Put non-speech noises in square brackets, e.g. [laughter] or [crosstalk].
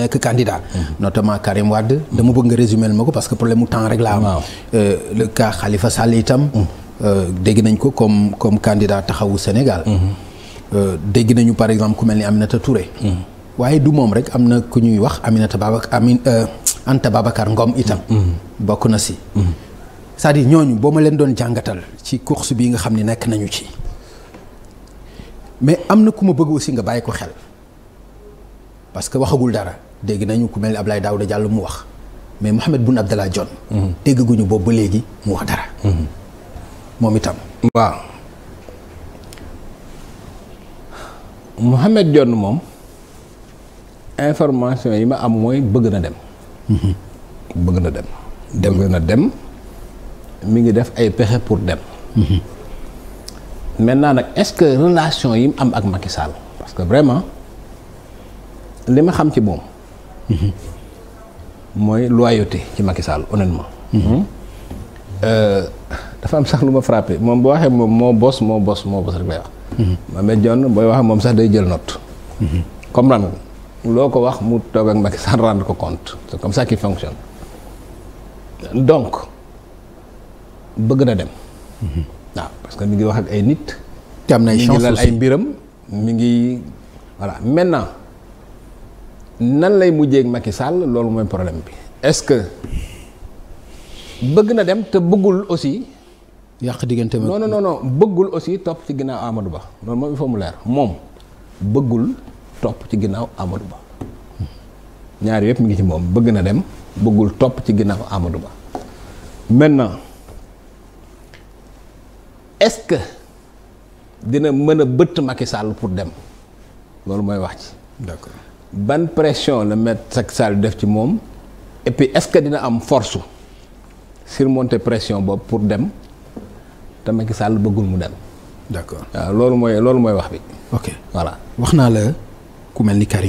nekk candidat mhm. notamment Karim Wade dama bëgg nga résumer ma ko parce que problème mu temps rek laa am euh, le cas Khalifa Sall itam mhm. euh, dégg nañ ko comme comme candidat taxawu Sénégal mhm. euh, dégg nañu par exemple ku mel ni Aminata Touré waaye du moom rek am na ku ñuy wax Aminata Babacar Amin Anta Ngom itam bokk na si cest à ñooñu boo ma leen doon jàngatal ci course bi nga xam ni nekk nañu ci mais am na ku ma bëgg aussi nga bàyyi ko xel parce waxagul dara dégg nañu ku mel ni daaw Daouda jàll mu wax mais Mohamed Boun Abdallah Dionne mhm. déggaguñu boobu ba léegi mu wax dara mhm. moom itam waaw Mohamed Dionne moom information yi ma am mooy bëgg na dem mhm. bëgg na dem bëgg na dem mi ngi def ay pexe pour dem maintenant nag est-ce que relation yi mu am ak Macky parce que vraiment li ma xam ci moom mooy loyauté ci Macky Sall honnêtement. Euh, dafa am sax lu ma frappé moom boo waxee moom moo bos moo bos moo bos rek lay wax. Mohamed booy wax moom sax day jël note. comprendre nga loo ko wax mu toog ak Macky Sall [laughs] rendre ko compte comme ça qu'il fonctionne donc bëgg na dem. waaw parce que mi ngi wax ak ay nit. te na ay chance aussi mi ngi lal mbiram mi ngi voilà maintenant. nan lay mujjeek ak Macky Sall loolu mooy problème bi est-ce que bëgg na dem te bëggul aussi. yàq diggante non non non bëggul aussi topp ci ginnaaw Amadou Ba loolu moom mu leer moom bëggul topp ci ginnaaw Amadou ñaar yëpp mi ngi ci moom bëgg na dem bëggul topp ci ginnaaw amadu Ba maintenant est-ce que dina mën a bëtt Macky sàll pour dem loolu mooy wax ci d'accord. ban pression la maître Macky Sall def ci moom et puis est-ce que dina am force surmonter pression boobu pour dem te ki Sall bëggul mu dem. d'accord waaw loolu mooy loolu mooy wax bi. ok voilà wax naa la ku mel ni Karim.